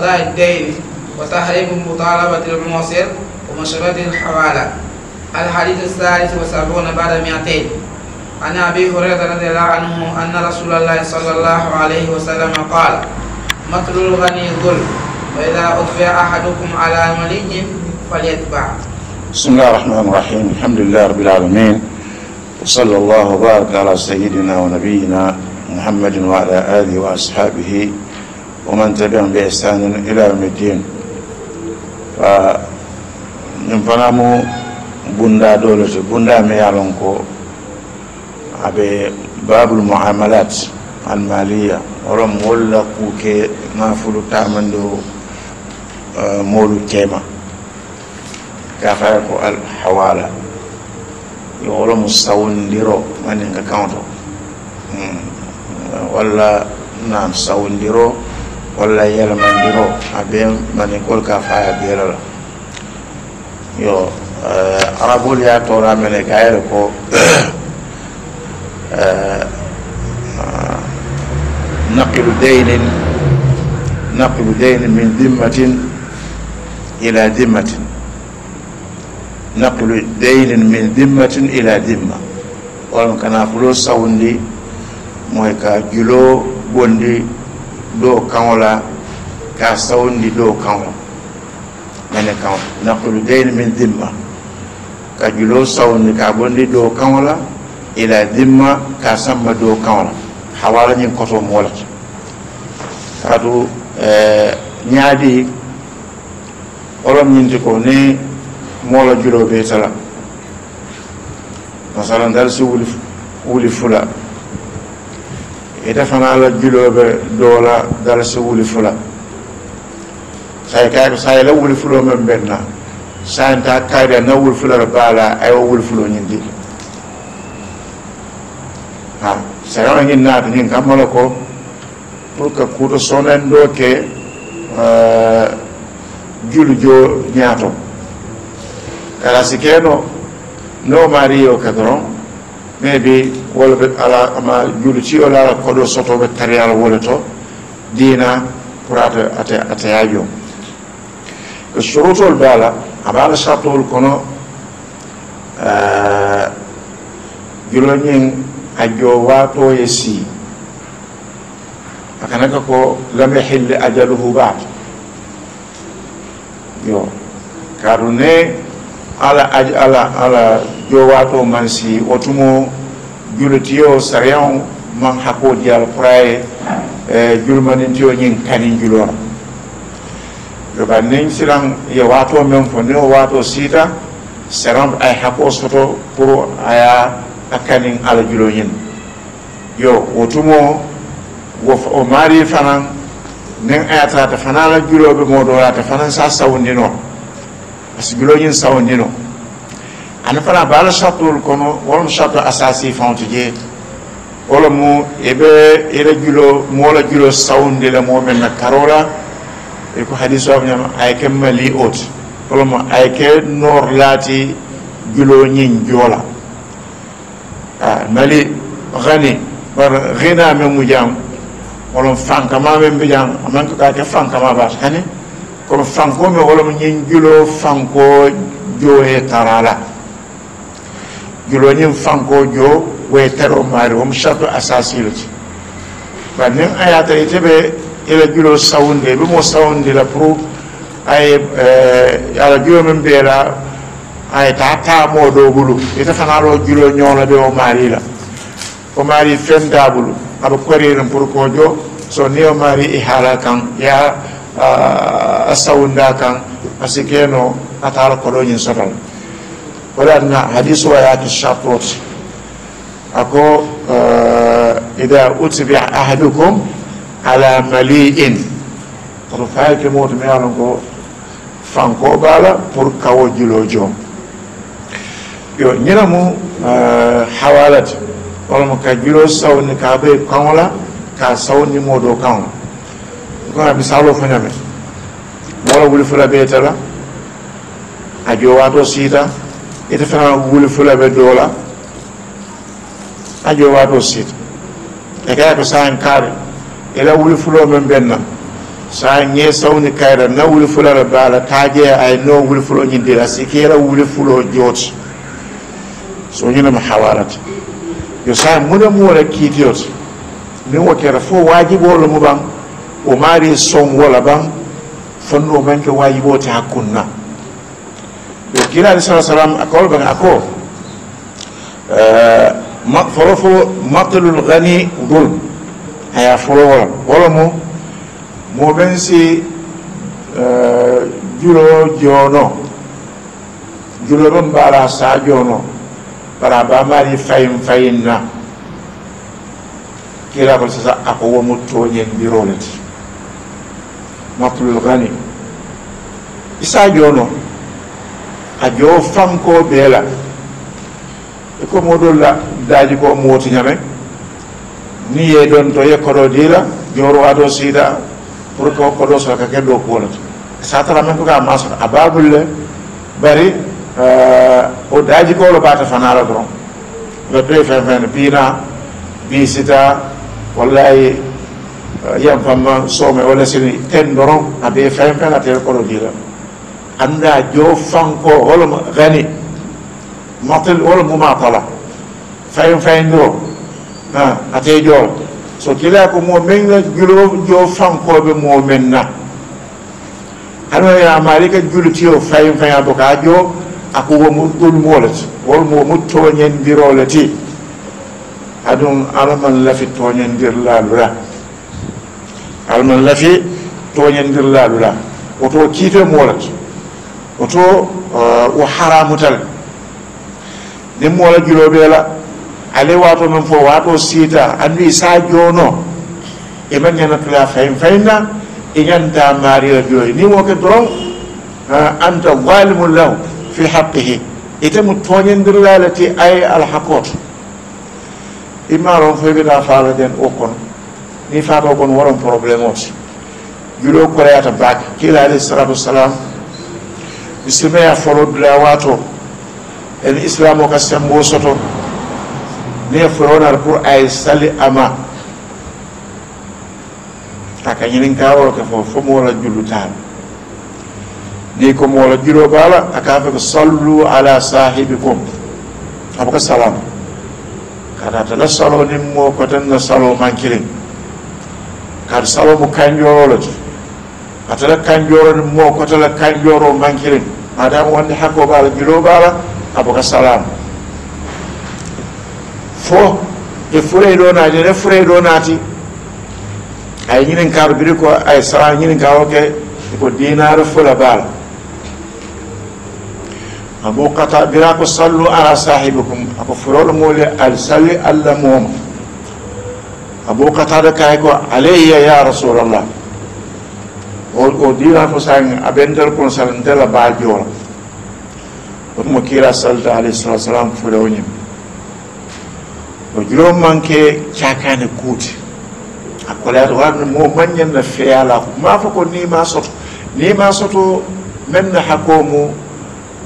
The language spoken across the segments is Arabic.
قضاء الدين وتحريم مطالبة الموصل ومشروطه الحوالة الحديث الثالث وسبعون بعد مئتين عن أبي هريرة رضي الله عنه أن رسول الله صلى الله عليه وسلم قال مثل الغني ذل وإذا أخفي أحدكم على ملي فليتبع بسم الله الرحمن الرحيم الحمد لله رب العالمين وصلى الله وبارك على سيدنا ونبينا محمد وعلى آله وأصحابه ومن تبعهم بإحسان إلى يوم الدين ñum fana mu bunda dole su bunda me yalon ko abe babul muamalat al maliya orom wolla kuke nafulu tamando eh, molu kema ka faya ko al hawala yo olomu sawundiro maninga kanto hmm. walla nan sawundiro walla yelmandiro a be maninkol ka fa ya bela la yo eh, arabu ya taura mele ka yere ko eh, naqilu daynin naqilu min dimmatin ila dimmatin naqilu daynin min dimmatin ila kana sawundi ka julo bondi dɔw kaŋo la k'a sawundi dɔw kaŋo mɛnɛ kaŋo nakuludɛyini min dimma ka juloo sawundi k'a bondi dɔw kaŋo la ila dimma k'a samma dɔw kaŋo la hawala ñiŋ koto moo la kaatu ñaadi wolom ñinti ko ni moo la juloo bee tala masalan dal si wuli wuli fula ite fana la juloo be doo la dala ah, eh, si wuli fula say kaake say la wuli fuloo meŋ beŋ na sayinta kaadiya na wuli fula la baa la a ye wo di ha sayaŋo ñiŋ naata ñiŋ kamma la ko pour que kuuto sonen doo ke julu no Mario maarii maybe wala ɓe ala ama juuli ci ola ala koɗo sotoɓe tariyal wole to dina pourate ate ateyajo e sorotol baala aɓa ala sartowol kono eh, juloñin a jo wato ye si a kanaka ko lame hille ajaluhu baat yo kaadu ne ala aj ala ala jowato man si wotumo julitiyo sariyaŋo maŋ hakkoo di a la pour a ye julumanintiyo ñiŋ kaniŋ juloo la yo bari niŋ silaŋ ye waatoo meŋ fo niŋ wo waatoo siita sariyaŋo a ye hakkoo soto pour a ye a kaniŋ ala juloo ñiŋ yo wo tumoo wo o maarii fanaŋ niŋ a ye tara ate fanaŋ la juloo be moo doora te fanaŋ se sawundinoo parce que juloo ñiŋ sawundinoo ani fana baala sartuwolu kono wolu mu sartu asasi faŋoto je wo le mu i be i la julo moo la julo sawundi le moo meŋ na karoo la i ko hadisoo fo ñama a ye ke mali wo ti wo le mu a ye ke noor laati juloo ñiŋ joo la mali gani bari ghina meŋ mu jaŋ wo loŋ fankamaa meŋ be jaŋ a maŋ ka ke fankamaa baata hani komi fankoo meŋ wo lomu ñiŋ juloo fankoo joo ye tara la julonyin fanko jo way tero mari hom shartu asasirti bannin ayata ite be ila julo sawunde be mo sawunde la pro ay eh, ala julo men be la ay ta ta mo do bulu ite fana lo julo nyola be o mari la o mari fen da bulu aba kwereren pour ko jo so ni o mari i hala kan ya a ah, sawunda kan asikeno atala kodoñin ولكن حديث وياك الشاطوط أكو آه إذا أتبع أحدكم على مليء oto fayi ke mowoto mi yano ko fankoɓe ala pour kawo jilo joom yo ñina mu hawalata walamo ka jilo sawni ka ɓe kaŋola ka sawnimo dow kaŋo kona misalo foñame mola wuli fula ɓeytala a jowato siita itafana guulu fulaba doola a jowaatoo siita e kaya ko sahen kaari ela wuli fuloo men ben nan sa ñee sawni kayra na wuli fulala baala taajee ay noo wuli fuloo ñindira si keela wuli fuloo jooti so ñunema hawarata yo sa mune muwola kiitiyota min wo kera fo waajiboolo mu ɓan o maari son wola ɓan fonno manke waajibooti hakkunna Kira di sallallahu alaihi wasallam akol bang ako eh, maqfarufu maqlul ghani udul aya folo wala wala mo mo ben si eh, julo jono julo ban bara sa jono bara ba mari fayim fayim na kila ko sa aku wo mo biro birolati maqlul ghani isa jono a jo fanko ɓee la e ko moɗol la daaji ko mootiñame ni ye ɗon to ye koɗo dii la jooro wato siida pour que koɗo sora ka ke ɗo kuwolata sa tara men ko ka masata a babul le bari eh, o daaji kolo baata fanala doron ɓe ɗoye fen fene piina bii sita wallayi eh, yam famma soome walla sini ten doron abe fen fen a tel koɗo dii Anda jo fanko holum gani matel hol mumatala fayo fayndiro ha ate jo so kila ko mo men la julo jo fanko be mo men na hano ya malika julo tiyo fayo faya to ka jo aku wo mo dul molat wol mo mo to nyen birolati adon alaman lafi to nyen dir la lura alaman lafi to nyen dir la lura woto kite molat oto uh, o haramutal nden mo wala juro ɓeela ale wato men fo wato siita andi sa jono e banggue natula fayin fayinna e ganta maarira juroy ni woke doron uh, anta walimu lahu fi haqqihi itemo e toñendirlalati ay alhaqoto immaron fo ɓeɗa fala den o kono ni fata kono waron probléme osi juro koreyata bake kilaalayhi salatu wasalam silamɛya fɔlɔ dulawaatɔ ɛni isilamɔ ka sɛnbɔ sɔtɔ ne fɔlɔ na ko a ye sali a ma a ka ɲini k'a yɔrɔ kɛ fɔ fo mɔgɔ julu t'a la n'i ko mɔgɔ la julu b'a la a k'a fɛ ko salu ala sahibi ko a bɛ kɛ salam ka da tala salo ni mɔgɔ kɔtɛ na salo man kelen ka salo mu kan jɔyɔrɔ la ten a tala kan jɔyɔrɔ ni mɔgɔ kɔtɛ la kan jɔyɔrɔ man kelen. maadamu wani hakko baala gilo baala aboka salamu fo e furey e ɗo naati ene furey e ɗo naati ay e ñinin kaaɗo biri ko ay sala ñinin ka ke ko dinaro fula bala abu kata bira ko sallu ala sahibikum furo furoɗo mole al salli allah abu kata da kay ko alayya ya rasulallah o dira ko sange abentel kon salantela ba joola otumo kira salta alayhi salatu wasalam fulewo ñim o julo manke cakane kuuti a kolayata warne mo na feyala ko ma fo ko nima soto nima soto men na hakomu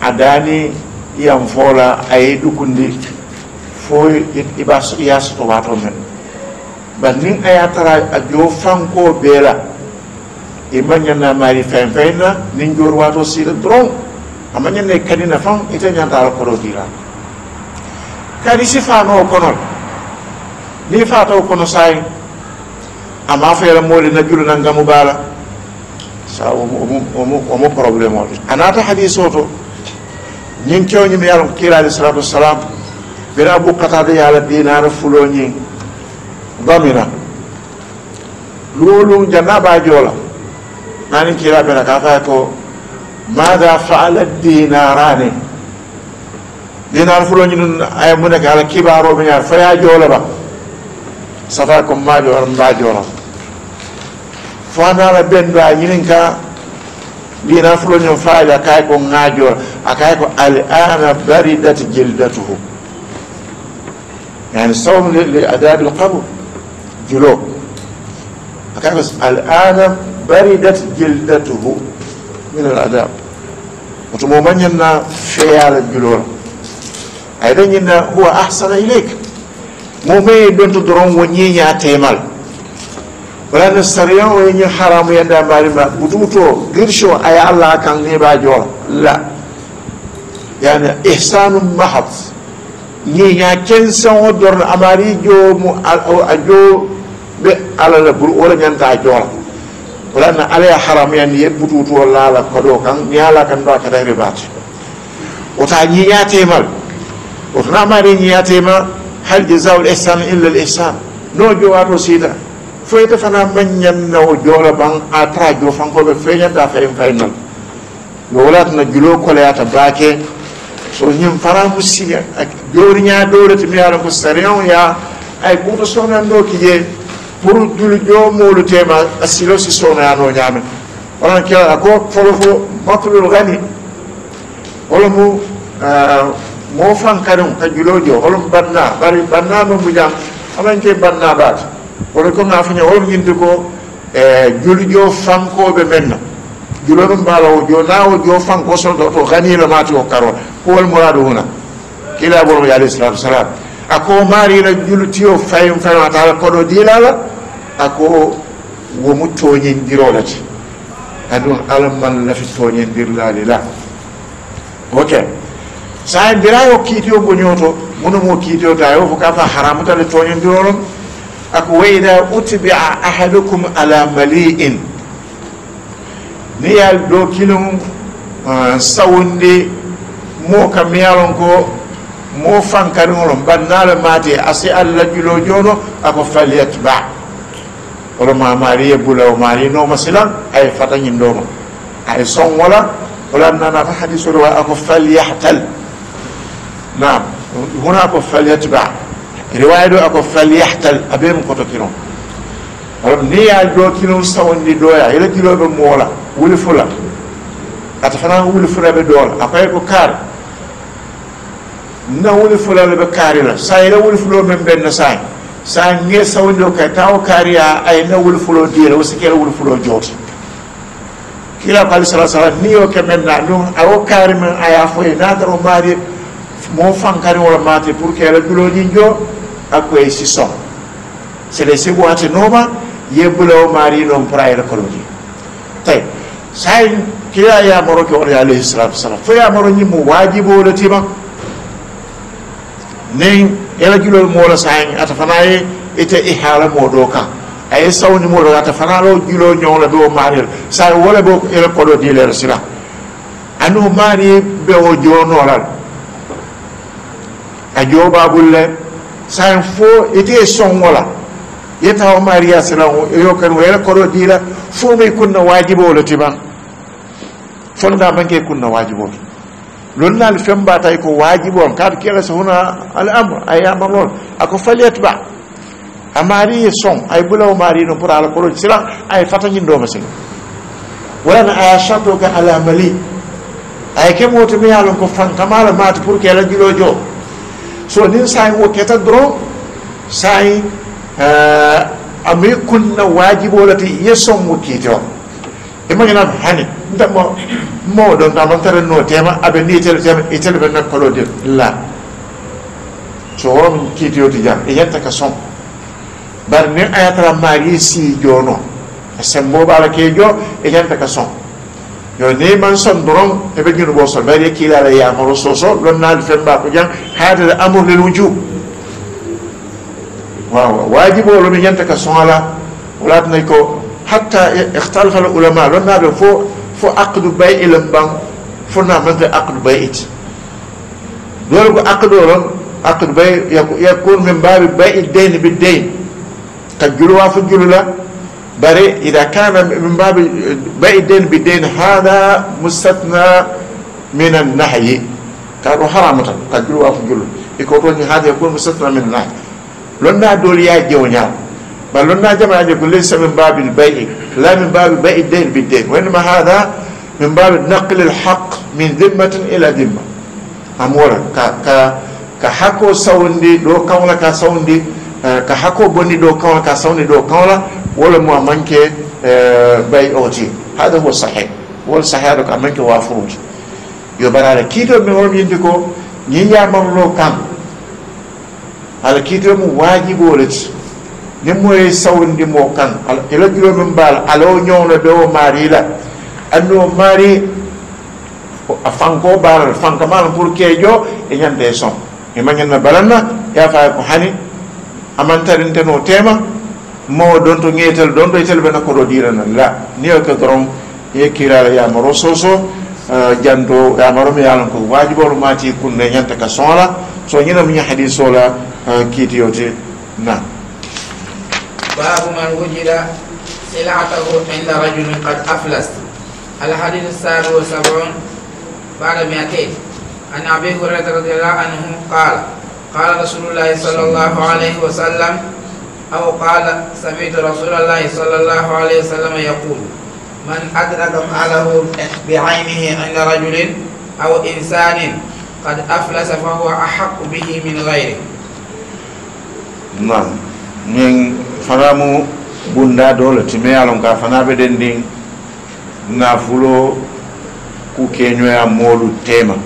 a dani iyan fola a ye dukundi fo iya soto wato men bannin a ya tara a jo fanko bela e mañanna maari fenfeyna nin jor wato sire dron a mañanne kadina fan ite ñantaro korodira kadi si fano konol ni fataw kono sayi ama feera moole najjulo nan gamu baala sa omo probléme ode a naata hadis o to ñin kewñima yaro kiira alayh isalatu wassalam mbira bukkatade yo allah dinaro fulo ñin domina lolu jannaba joola hani kila amenakaa ko madha faala dinarani dinar fulo ñinun ay mu nekk ala kibaro mi ñaar fa ya joola ba safa ko ma joor mba joora fa na la ben da ñinin ka dinar fulo ñun fa ya kay ko nga joor akay ko al ana baridat jildatuhu yani sawm li adab al qabr julo akay ko al ana baridat jildatuhu min al adab oto mo mañanna feyala julora ay dañinna huwa ahsana ileyk mo mayi donto doron wo ñiña temal wala no sariyan o ñi haramu bari mbarima wututo girsho ay allah kan heɓa joola la yani ihsanu mahad ñiña kensen o dorno amari jo mu a jo ɓe alala bur wala ñanta joola walanna alaya haram yani yebbututuo laala koɗo kan ñaala kan ɗo a kata e rebate wota ñiñatemal wotona maɗe ñiñatema hal jasau l ihsan illa l ihsan no jowato siida foyta fana mañannawo joola ban a tara jofankoɓe feñanta fayin faynal yo walatana julo koleyata baake so ñin fara musiga joriña ɗowrete mi yaɗa ko sarion ya ay ɓuuta sonanɗo kije pour dulu ñoomoolu teema a silo si sonayanoo ñaamen onon kelaa ko folofo matulul gani holomu moofankanum ka juloo joo holom banna bari banna no mu ñaam amanke banna baata wono ko ngaafaña holo ñinde ko e julu joo fankooɓe men na julo num mbaalowo joo naawo joo fanko sonoto to ganiino maati o karo ko wol mouraado huna kilaa boromo ye alayhi salatu wasalam a ko maariino julu tiyo fayim fayma taala koɗo diilaala ako womu tooñindiro le ti aduŋ alla maŋ lafi tooñindirilali la wo ke saayiŋ bira yo kiitiyo boñoo to munu mo kiitiyo to a yo fo ka fa haramuta le tooñindiro loŋ ako wa ida a ahadukum ala mali'in niŋ ye doo kiliŋ sawundi moo ka miŋ ye a loŋ ko moo fankaniŋo loŋ bari niŋ a maatee a si alla juloo joono ako falyatba wala ماري بولو ماري o mari اي فتاني نوما اي صوم ولا ولا نانا wala nana اكو فليحتل نعم هنا اكو فليتبع رواية أكو فليحتل أبيم كتو كينو ولم نيا دو كينو سوون دي دويا يلا كيلو بمولا ولي فلا أتفنا ولي فلا بدول أكو يكو كار نا ولي فلا بكاري لا سايلا ولي فلا من بين نساين sange sawndo ka taw kariya ay na wul fulo diira wasi kela wul fulo joti kila ko ali sala sallam ni yo ke menna ɗum awo kaari men aya foye natar o maari mo fankani wala maate pour que ala duloji jo akko e si som sele si wate nooma yebbula o maari noon pour ayala koloji tay say kila yamoro ke oɗo alayhi salatu wasalam fo yamoro ñimmo waajibo letima nen yarajulol moola sahen ata fana ye ite i haala moo ɗo kan a ye sawni mo ɗo ata fana lo julo ñoŋla be o maariyel sa wala be ere koɗo dilere sila ani o maari be o joonolal a joobabulle sahen fo ite soŋwola yetta o maariya sila yo kan o ere koɗo dila fo mi kunna waajibo le timan fonda banke kunna waajibo le lonnal fembatay ko waajibo on kaade keeɗa kera hono al amre a yamam on ako faliyat ba a mari yi son ay bulaw maari no pour ala koloji silan ay fatañindoma sen walano aya shato ga ala mali ay kemoto mai halin ko fankamala maata pour que gilo jo so nin sayin duro sa'i yi eh, a mai kunna waajibolati yi son mo kiite e mañana hani ndemo mawɗo namantere no tema abe ni tele tema e tele nak kolo kolode la so worom kiitoyodi jam e yetta ka son bar ni a yatara si jono a ke jo e yanta ka son yo ne man son bar ye ki la la ya e so so lon na fen ba ko jan haadere amur lel wujub wajibo lo lomi yanta ka son ala walaatanayi ko hatta ixtalifal ulama lonnaɓe fo fo akdu bay i lem ban fo namante akdu bay it dole ko akdo ron akdu bay ya kor min mbawi bay i deyni bi deyn ta julowa fo julula bare ida kana min mbawi eh, bay i deyni bi deyn hada mustatna min annahyi ka ɗo harama tan ta julowa fo julula e ko toñi hada ya kor mustatna min annahyi lonna dole ya jewñaw بل لنا جمع يقول ليس من باب البيع لا من باب البيع الدين بالدين وإنما هذا من باب نقل الحق من ذمة إلى ذمة أمورا ك ك كحكو سوندي دو كولا كسوندي آه، كحكو بني دو كولا كسوندي دو كولا ولا مو أمانك آه، بيع أوتي هذا هو صحيح ولا صحيح لك أمانك وافروج يبقى على كيدو من هم يندكو نيجي أمرلو كم على كيدو مواجب ولتش niŋ mu ye sawundi moo kaŋ kela juro miŋ baa la ala wo ñoŋlo be wo maari la anni wo maari a fankoo baara la fankamaa la pour keejo e ñante soŋ i e ma ñanna balanna ye a faye ko hani a maŋ tarinte noo teema moo donto ŋeetal donto itele be na ko doo diirana la ni yo ke doron ye kiiraala yamaro sooso euh, janto yamaro mi ye a lan ko waajiboolu maati kunne ñante ka soŋ la so ñina mu ñahadi soola euh, kiitiyo ti naŋ باب من وجد سلعته عند رجل قد أفلس الحديث السابع والسبعون بعد مئتين عن أبي هريرة رضي الله عنه قال قال رسول الله صلى الله عليه وسلم أو قال سمعت رسول الله صلى الله عليه وسلم يقول من أدرك ماله بعينه عند رجل أو إنسان قد أفلس فهو أحق به من غيره نعم من fana mu bunda dole tume alon ka fana be den din nafulo ku keñoya moolu tema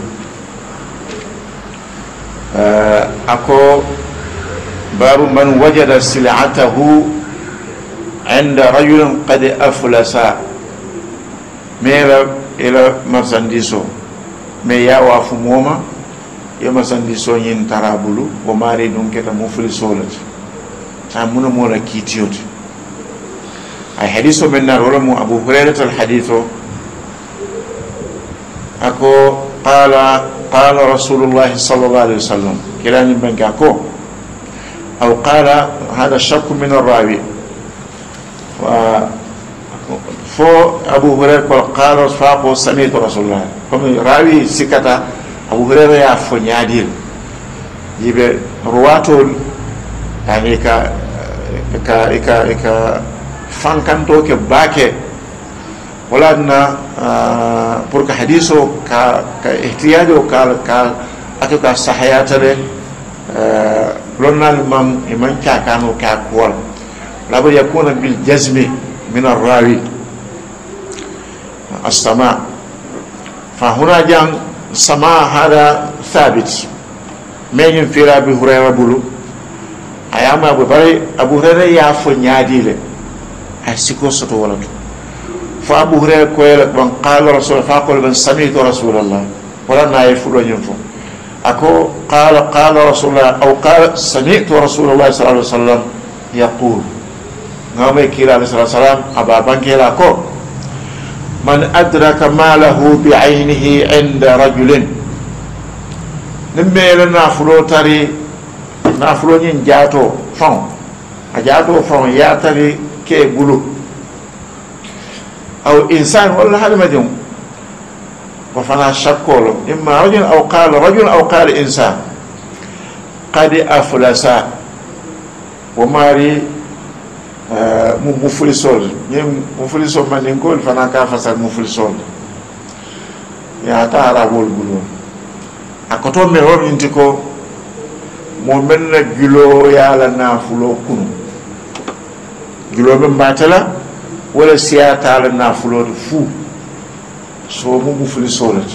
uh, ako babu man wajada silatahu inda rajulin qad aflasa mera ila masandiso me wa fu moma ye masandiso ñin tarabulu o maari dun keta mu fulisolati amuna mo la ay hadiso men nar wala mo abu hurairata al haditho ako qala qala rasulullahi sallallahu alaihi wasallam kilani banke ako aw qala hada shakku min arrawi wa fo abu huraira ko qala fa ko rasulullah comme rawi sikata abu huraira ya fo ñaadir yiɓe ruwatol yani ka ika ika fankanto ke bake wala na pour que hadiso ka ka ihtiyajo ka ka ato ka sahayatare lonnal mam e man cakano ka kuwal labad yakuna bil jazmi min arrawi السماء فهنا جان سماء هذا ثابت من في ابي هريره بلو a abu bari abu hurera ya fo ñaadile ay siko soto wala to fa abu hurera koyele ban qala rasul fa qol ban samitu rasulallah wala na ye fulo ñin fo ako qala qala rasulullah aw qala samitu rasulullah sallallahu alaihi wasallam yaqul ngame kila alaihi wasallam aba bankela ko man adraka malahu bi aynihi inda rajulin nimmele na fulo tari nafuloñin jaato faŋo a jaato faŋo yaatari ke bulu aw insan walla hadamadiŋo wo fana sakkoo lo imma rajin aw rajin rajul aw qaala insan qad aflasa wo maari eh, mu mufulisol ñiŋ mufulisol mandinkoolu fanaŋ ka fasal mufulisol yaata arabolu buloo a koto mel wo miŋ momin na julo yala nafulo kunu julo min batala wala siyata la nafulo de fu so mu mufli solat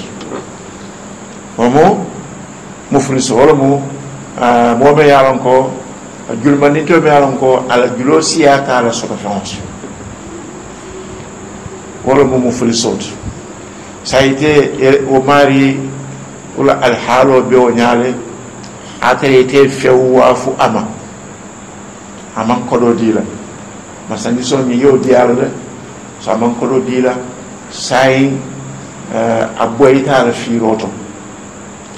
omo mufli solat mo mo me yalan ko julmani to me yalan ko ala julo siyata la so fawon wala mo mufli solat sayte e, o mari wala alhalo be o nyaale akere te fewwa fu ama man kodo dila masani so ni yo diara de so aman kodo dila sai uh, eh, aboy ta la fi roto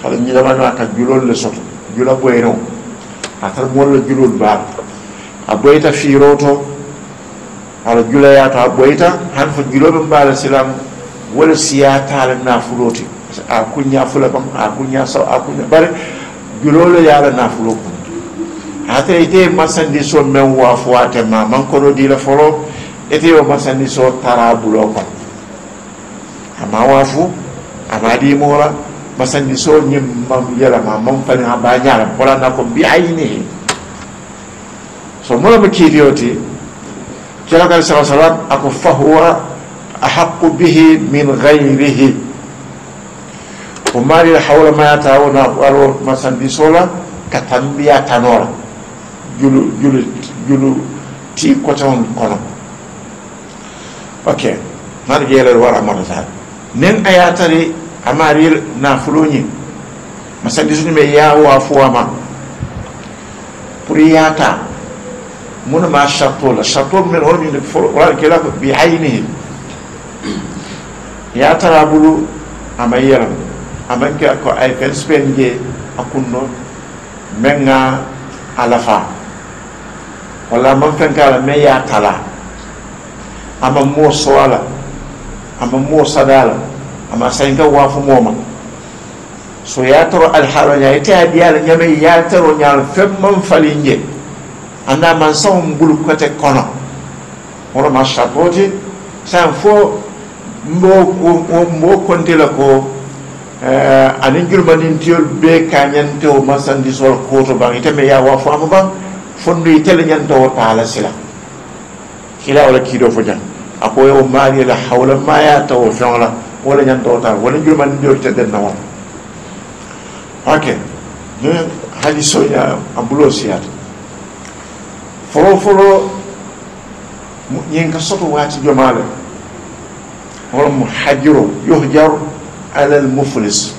kala ni dama na ka julol le soto jula boy no atar mo la julol ba aboy ta fi roto ala jula ya ta aboy ta han fo julo ba mbala silam wala siya ta la na roti a kunya fula bam a kunya so a kunya bare julolo yala nafulo kun ate ite masandi so men wa fo ate ma man kono la folo ite o masandi so tara bulo kon ama wa fu ama di mora masandi so nyim mam yala ma mam fani ha ba nyala kola na ko bi ayni so mo ma kira ka sallallahu alaihi wasallam ako fahuwa ahaqqu bihi min ghairihi ومالي لا حول ما يتعاون أرو مثلا بيسولا كتنبيا تنورا جلو جلو جلو تي كوتون كونو أوكي نرجع للورا مرة ثانية نين أياتري أماريل نافلوني مثلا بيسوني ميا وافواما برياتا من ما شطول الشطول من هون من القرآن كلا بعينه يا ترى بلو أما يلمو amanke ko ay ken spen je akunno menga alafa wala man fen kala me ya tala ama mo soala ama mo sadala ama sainga wafu moma so ya toro alhalo nya ite adiyala nyame ya toro nya fem man falinje anda man saw mbul kote kono wala ma shaboje san fo mbo mbo kontela ko Eh, anin julmanintiyol be ka ñante o masandisol koto ban iteme yawa faamu ban fondu itele ñante o taala sila kila wala kiido fo jan a ko yewo maari la hawla ma ya tawo feŋo la wala ñante o taala wala julmanintiyol te den nawo ok ne haji soña a bulo siyata folo folo ñin ka soto waati jomaale wala mu hajiro yohjaru على المفلس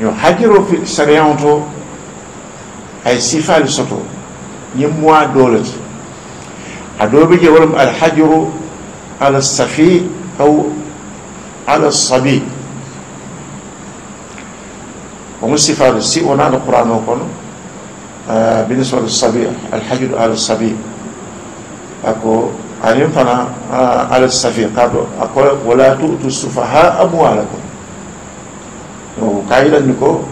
يو حجرو في سريانتو أي صفة لسطو يموا دولت هدوبي يورم الحجر على السفي أو على الصبي ومن صفة السي القرآن وقال آه، بالنسبة للصبي الحجر على الصبي أكو ani fana ala safi k'a dɔn a ko wala tu'tu sufaha amwalakum donc k'a yira ni ko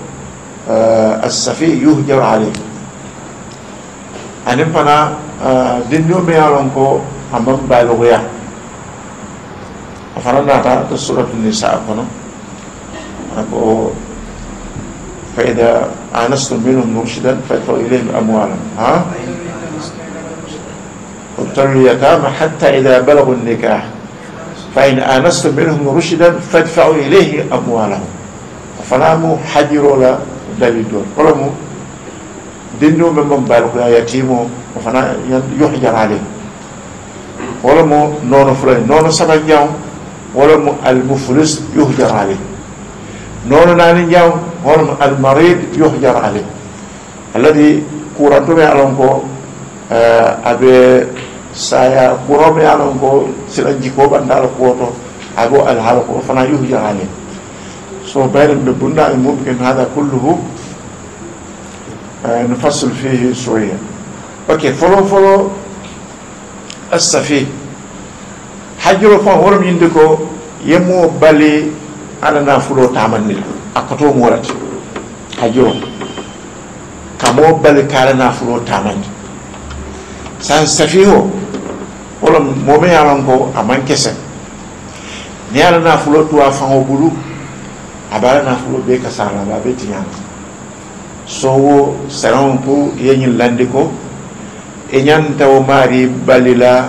asafi yuhjaru alayhi ani fana dendiŋo meŋ ye a loŋ ko a maŋ baalogoya a fana naata to suratu nisaa kono a ko فإذا آنستم منهم مرشدا فادفعوا إليهم أموالهم ها تبتلوا اليتامى حتى إذا بلغوا النكاح فإن آنستم منهم رشدا فادفعوا إليه أموالهم فناموا حجروا لا دابيدور ولمو دينو من من بالغ يا يتيمو وفنا يحجر عليه ولمو نونو فلان نونو سبع جاو ولمو المفلس يهجر عليه نونو ناني جاو ولمو المريض يهجر عليه الذي كورانتو بي ألونكو آه، أبي saya kurome yanon ko sila jikoɓe andala koto ago alhaala ko fana yuhja halen so bayran ɓe bundaɓe mum ken hada kulluhu nufassil fihi okay ok folo folo assafi hajjoro fon horom yinde ko yemmo bali na fulo tamannil murat morata hajjoro kamo bali na fulo taman san safiho wala momin ye lon ko a man kese ni ye ala nafulo to a faŋo bulu a be ala nafulo bee kasara la ba be tiñana so wo saraŋo ko ye ñiŋ landi ko i ñanta wo maari bali la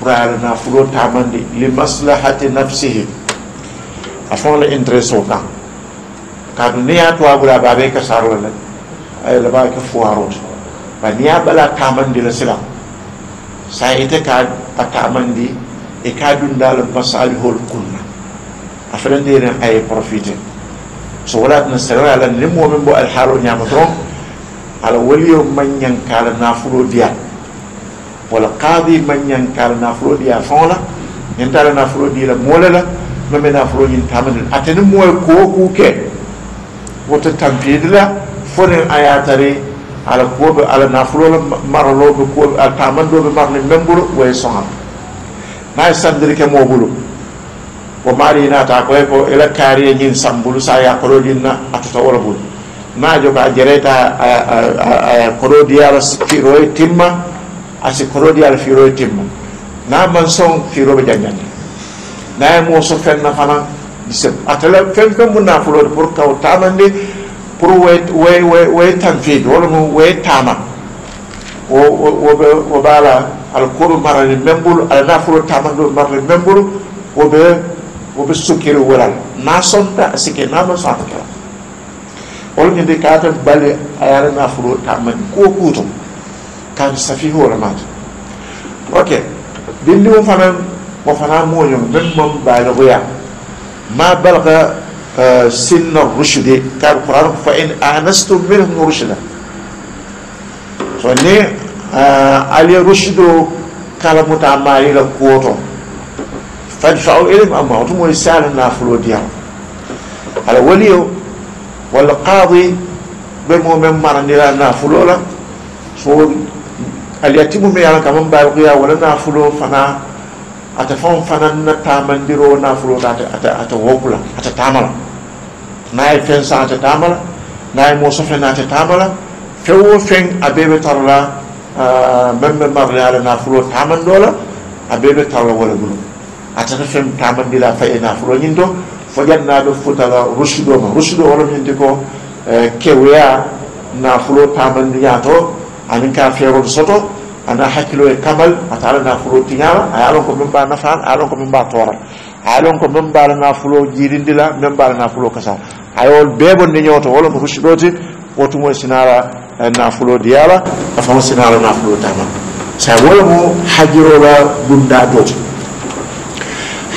pour a ala nafulo taamandi li maslahati nafsihi a faŋo la interesse o kaŋ kaatu ni ye to a bulu a be a be kasara la le a ye la baa ke fuwaaro ni ye a bala taamandi la silaŋ ite ka takamandi e ka dundalo masalihol kunna a felandiren ay profite so na sarara ala ni momin al alhaalo ñama doron ala waliyo mañankala nafulo diya wala kaadi mañankala nafulo diya fon la ñentala nafulo di la moole la mame nafulo ñin tamanen atene moye ko ku ke woto tampide la ayatare ala kuoɓe ala nafuloɓe maraloɓe kuoɓe ala tamandoɓe marle membulo woye soham nayi sandiri ke mobulo o maari naata koye ko ela kaariye ñin sambulu sa ya koroɗinna a tota wala bulu naajo ka jereyta aya di ala firoye timma asi di ala firoye timma na man be firoɓe na e mo so fenna fana disem atala fen fen mu nafulode pour taman tamande pour woye tanfide walla mum woye taama wo wo ɓaala ala ko ɗum marani membol ala nafuro taman ɗum wo be wo be sukkiri wolal na sonta a sikke ma sonta kela wala ñande ka tan balle a yara nafuro tamani ko kuuto kan safi ho la hooremaata ok bindi mo fanan mo fana moñom men mom baalogoya ma balga سن الرشد قال القرآن فإن آنستم منهم رشدا فني علي رشد قال متعمالي لقوته فادفعوا إليهم أمواتهم ورسالة نافلوا ديهم على وليو والقاضي بمو من مرني لا نافلوا لك so aliyatimu me yala kaman ba ya wala na fulo fana ata fon fana na tamandiro na fulo ta nay fen sate tamala nay mo sofenate tamala fewo fen abebe tarla membe marle ala nafulo tamanɗola abebe tarla wala bulu atata fen tamandila faye nafulo ñin to foƴatnaɗo futala rusuɗoma rusuɗo wolom ñinti ko kewoya nafulo tamandiña to anin ka feerol soto ana hakilo e kamal ata ala nafulo tiñala a yalon ko min mba nafan a ko min tora toral ko min na fulo jirindila min na fulo kasa hay on beebonde ñowto wala ko hucciɗote wotumo sinara nafulode yaala afamo sinara nafulo taman sa wala mo hajirola bunda dote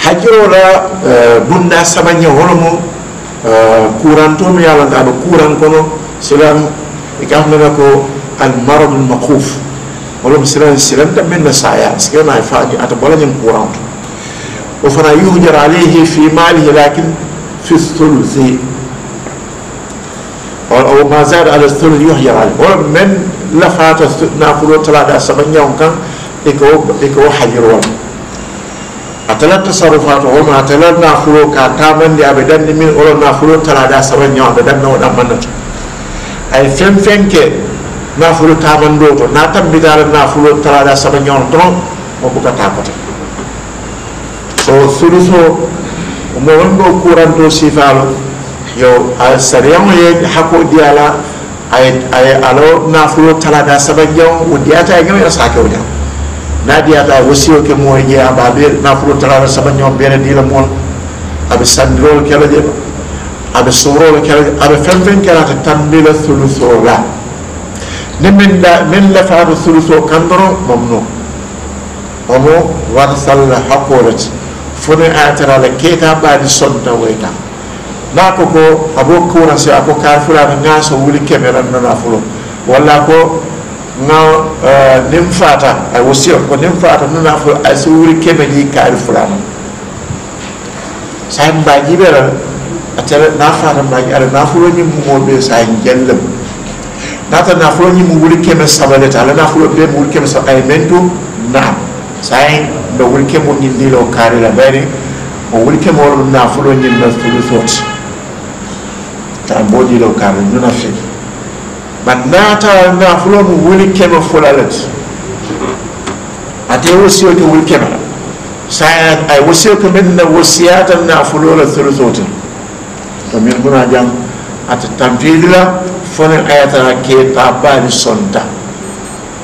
hajirola bunda sabañe wala mo kurantomi yaala ngaɗo kuran kono silam e kahnana ko almaradu lmaquf wala mo silan silanta men na saya sikana e faji ata bolañen kuranto o fana yuhjar alayhi fi malihi lakin fi thuluthi وما ما زاد على الثلث يحيى عليه ومن لفات ناكلو تلا سبن يوم كان إكو إكو حيرون أتلا تصرفات وما أتلا ناكلو كامن دي أبدان من أولا ناكلو تلا سبن يوم بدن نو نمنا أي فين فين كي ناكلو تامن دوتو ناتم بدار ناكلو تلا سبن يوم درون وبكا تاكوتا so ثلثو ومو وندو كورانتو سيفالو يو سريان يي حكو ديالا اي اي الو نافلو تلا دا سبك يوم ودياتا يوم يساك ودا ناديا دا وسيو كي مو يي ابابير نافلو تلا دا سبك يوم بير ديلا مول ابي ساندرول كيلا دي ابي سورول كيلا ابي فين فين كيلا تتمبيل ثلثو لا نمن لا من لا فار ثلثو كاندرو ممنو ومو ورثل حقولت فني اعترى لكيتا بعد سنة ويتا na ko ko abo kuna se ako kar fulana nga so wuli kemera no na fulo walla ko na nim fata ay wosio ko nim fata no na fulo ay so wuli kemedi kar fulana sai mba jibera atare na fata mba jibera na fulo ni mo be sai jellem nata na fulo ni mo wuli kemé sabale ta na fulo be mo wuli kemé sa ay mento na sai be wuli kemé ni dilo kar la bayni o wuli kemé na fulo ni na fulo thoughts tamboji lo kame munafik ba nata nafulo mu wuli keme fulalet ate wasiyo ke wuli keme saya ay wasiyo ke min na wasiyata nafulo la thuluthota to min buna jam ate tamfili la fone ayata ke tabali sonta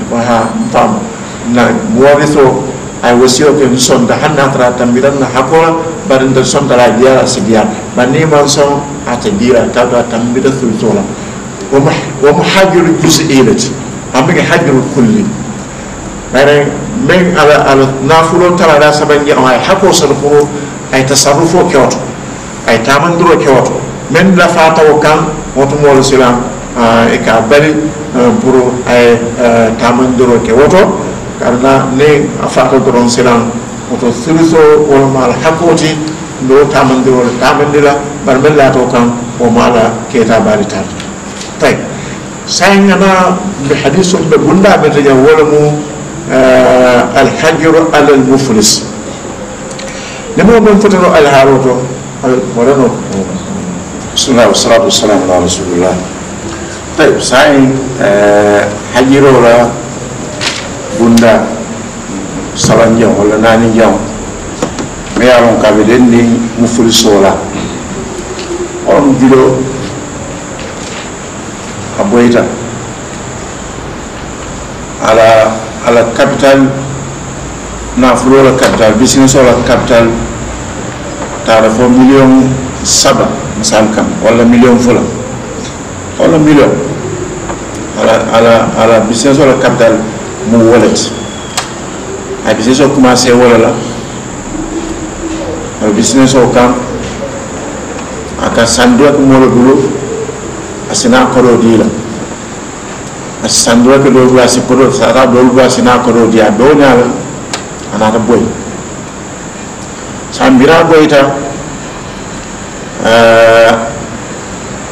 ko ha pam na muwariso ay wasiyo ke sonta hanna tara tambiran na hakola bari ndo son dala biya sidiya bani ma son atadira ka da tambida sulsula wa muhajiru juz'ilati amige hajiru kulli bare men ala ala nafulo tala da sabangi ay hako sal furo ay tasarrufo kyoto ay tamanduro kyoto men la fata o kan woto mol silam e ah, ka bari ah, pour ay ah, tamanduro ke woto karna ne afata doron silam moto siriso wolmal hakkoti ndo tamande la bar men laato kan o mala keta bari tarde tay sayna bi hadithu mbe gunda be gundaɓe taƴa mu al hajr ala muflis nemo men al alhaaro to waɗano bisimillahi wasalatu wassalamu ala rasulillah tay sayi hajirola gunda saba jɛm wala naani jɛm mɛ yaa lɔn kabi de ni mu fili sɔɔ la ɔn julo a boyita ala ala capital naafulo la capital bisinesɔ la capital taara fɔ miliyɔn saba misal kam wala miliyɔn fula wala miliyɔn ala ala ala bisinesɔ la capital mu wallet a business o wala la ya a eh, business o kam a ka sandura ke molo bulu a sina kodo di la a ke dolu a si kodo sara dolu bulu a sina kodo di a do nyaala a nata boy sambira boyta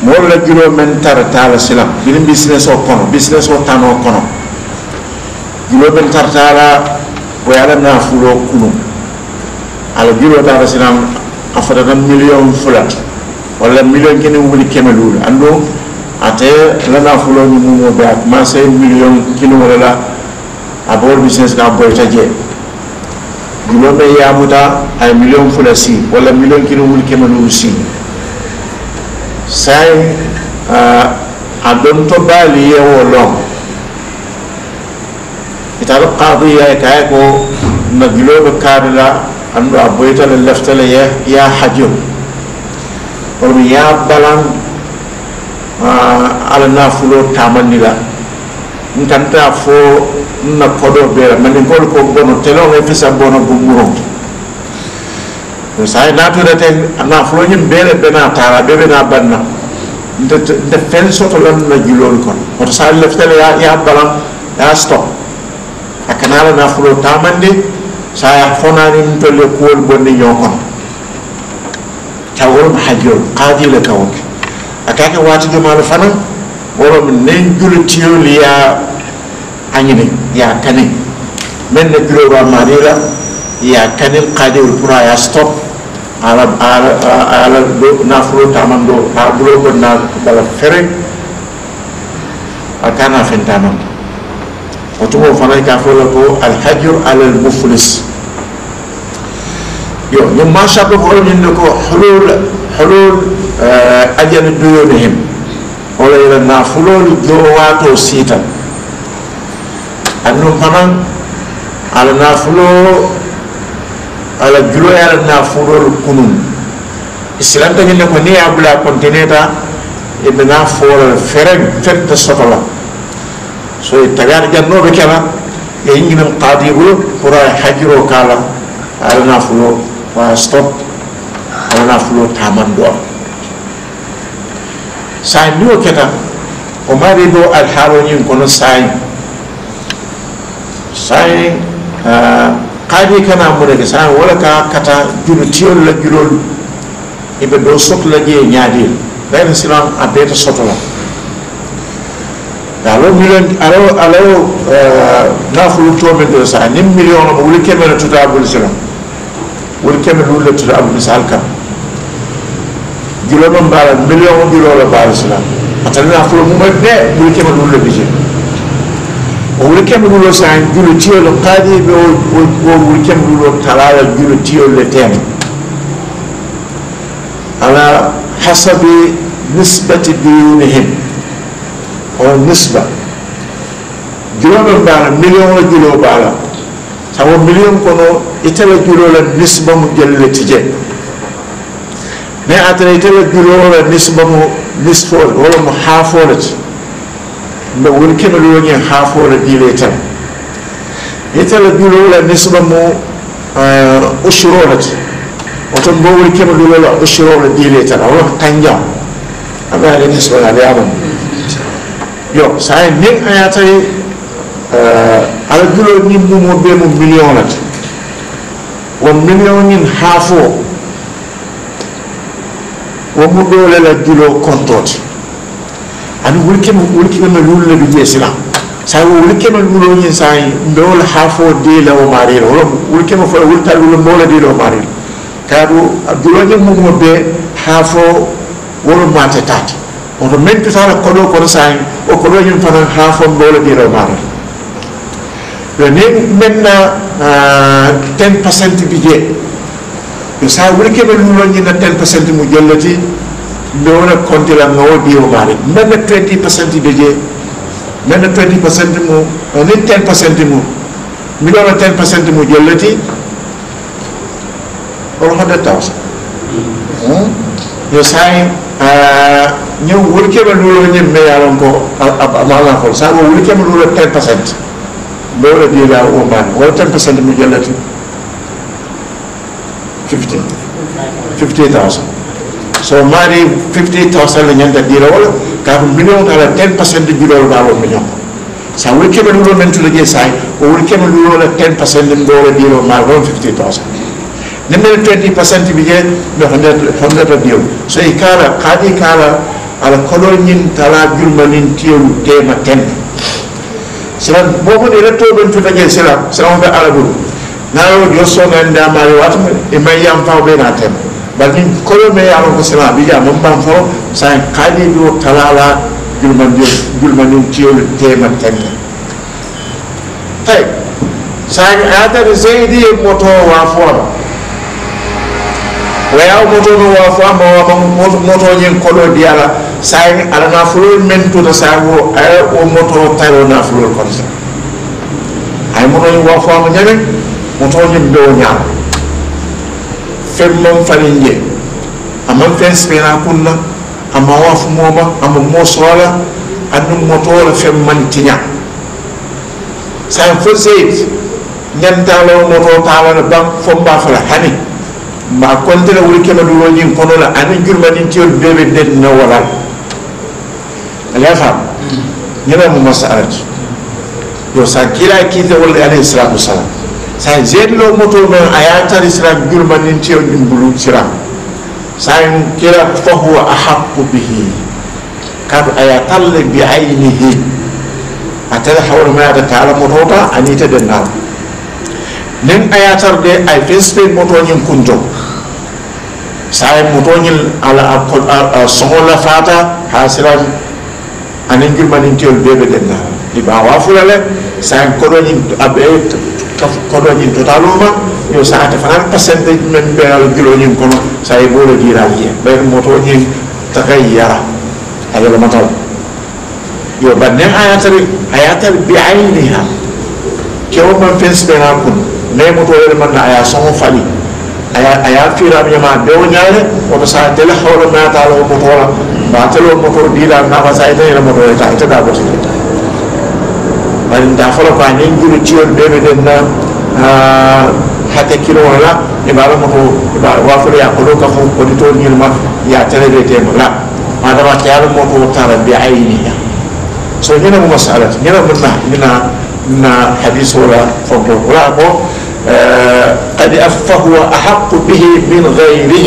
molu la julo men tara taala silam kini business o kono business o tano kono julo men tara taala boyala na fulo kunu ala biro ta ta sinam afata na million fula wala million kene wuli kemelul ando ate la na fulo ni mu mo ba ma million kilo wala la abor business na boy ta je julo be ya ay million fula si wala million kilo wuli kemelul si sai a don to bali ye wo كتاب القاضية كايكو مجلوب كارلا أنو أبويت للفت لي يا حجو آه، ورمي يا بلان على نافلو تامن لا نتنتا فو نكودو بيرا من نقول كو بونو تلو فيسا بونو بمرون sai na tura te na fulo nyim bere bena tara bebe na banna de de fen soto lan na julol kon oto akanala na fulo tamande saya fona ni to le kuol bonni nyokon tawol hajjol qadi le kawok akaka wati mal fana woro ne julu tiyol ya anyine ya kane men ne bureau ba marira ya kane qadi pura ya stop ala ala ala do na fulo tamando ha bulo ko na fere akana fentanon وتبو فناي كافولكو الحجر على المفلس يو يوم ما شاب يقولون إنكو حلول حلول آه، أجل ديونهم ولا إلى نافلول جوات وسيتا أنو فنا على نافلو على جلو على نافلول كنون إسلام تجينا كنيا بلا كونتينيتا إبنا فور فرق فرق تسطلا so tagaar jannoɓe keɓa e yinginam qadiɓulo pour a hajiro kala alana fulo waya stop alana fulo tamanɗo on sa ni o keta o mari ɗo alhaaloñin kono sayi sayi kaadi kana muneke sayi wala ka kata julo tiyol la julol iɓe ɗo sotla jee ñaadil ɓayno silan a beeta sotola alawo alawo eh, nafulu tomin sa ñin million ma wuli keme tuta abul silam wuli keme lu tuta abul misal kam julo non bala million julo la bala silam atana nafulu mu ma de wuli keme bije o wuli keme lu sa julo tiyo lo qadi be o wuli keme lu talala julo tiyo le ala hasabi nisbati diyunihim oo nisba julomen baalam miliyonla julo baalam sabu miliyun kono itala julola nisba mu jellile tije mais atana itala julola nisba mu nisfoole walla mo haafoole ti mbe woni kemel woñen haafoole diile tala itala julola nisba mu eh, usurole ti oto mbo woni kemel julola usurole diile tala walla kanjam aɓe aɗa nisba aɗa yamam yo sa e nin a yatawi ala g i r o l ñin ɗum o mbiye mo million ate w o million ñin h a fo womo ɗolela g i r o k o n t o t ani wulikema w u l k e m a lulle ɗu ɓiye sila sa wo wulikema luloñin sa mbewol a h a fo deela o m a r i l o wala wulikema fo wultaɗ u l m o l a deela o marila kaɗu a giloñin mumo be h a fo wolo mate t a on rommentetano kono kono sahen o kono ñum fana ha fonndole ɗiɗo maaro yo ne menna ah, ten percent bije yo sa wuri keɓe ɗumɗon na ten percent mu jollati mbe wona contela ngawo biyo Men na twenty percent Men na twenty percent mu eh, ni ten percent mu miɗona ten percent mu jollati ono hundred thousand yo hmm. hmm? sahen ñoom wuri keɓe luulo ñimme yalon ko amala kol sago wuri keɓe luulo 10 percent lowre mbiyela o mbani wala 10 percent mi jellati 50 50000 so maari 50000 le ñanta ɗira wala kaako million kala 10 percent julol mbawo million sa wuri keɓe luulo men tuloje say o wuri keɓe luulola 10 percent ɗum lowre mbiyelo maari won 50000 limnere 20 percent bi no 100 100 diol so e kara kadi kara ala kolol nyin tala jurmanin tiyolu tema ten silan bobo de reto ben tuta je sila sila on be arabu na yo yo so na nda mari wat e mai yam fa be na tem balin kolol me ya ko sila bi ya mon ban fo sa kadi do talala jurman diol jurmanin tiyolu tema ten tay sa ada zaidi moto wa fora waya motoɗo wa fo amma wa motoñin koɗo diyala sa ala nafulol men tuta sago aya o moto taro nafulol comme ça ay motoñin wa fo ama ñamen motoñin ɓe o ñaama fen man fanin je aman fen sipena kunna amma wa fu moma amma mo sola annum motola fen man tiña sa fo seyit ñantalo moto talana ban fo mba fala hani ma kontena wuri keme duro ñin kono la ani jurmanin tiyol bebe den na wala ala fam mm. ñana mu masalat yo sa kila kite wala alayhi salatu wassalam sa jedlo moto no ayatar islam jurmanin tiyol din bulu siram sa kila fa huwa ahaqqu bihi kad ayatal bi aynihi atala hawla ma ta a anita den na nin ayatar de ay fesbe moto ñin kunjo sai mutoñil ala sohola fata hasiran anin gilmanintiyol beɓe denna ɗi ɓawa fulale sai koɗoñin aɓe koɗoñin totaluma yo saate fanan pasente men ɓeyal giloñin kono sai ɓolo diralie ɓen motoñin tagay yara a yelomataw yo banen ayatari ayatari bi ayniha kewman fensɓena kun mais moto yelemanna aya fali. aya fira mi ma be wonyaare o be sa tele hawra ma ta lo mo tola ba tele mo ko dila na fa sa ite mo ko ta ite da boti bari da folo pa ni nguru ciol be be den na hata kilo wala e ba mo ko e ba wa folo ya ko lo ka ko ko to ni ma ya tele be te mo la ma da ma ta mo ko ta ra bi aini so ni na mo masalat ni na mo na na hadis wala fo ko wala ko قد فهو أحق به من غيره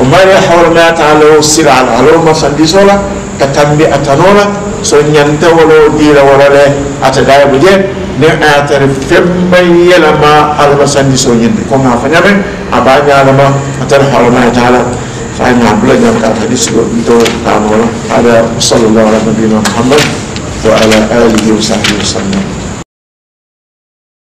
وما يحور ما تعالى سير على علوم فندسولا كتنبي أتنولا سن تولو دير ولا أتداي بجي نعتر فما يلما على سندسو يندي كما فنعم أباني على ما أتر حرما تعالى فأنا عبد الله جمع الحديث بنتو تعالى هذا صلى الله على نبينا محمد وعلى آله وصحبه وسلم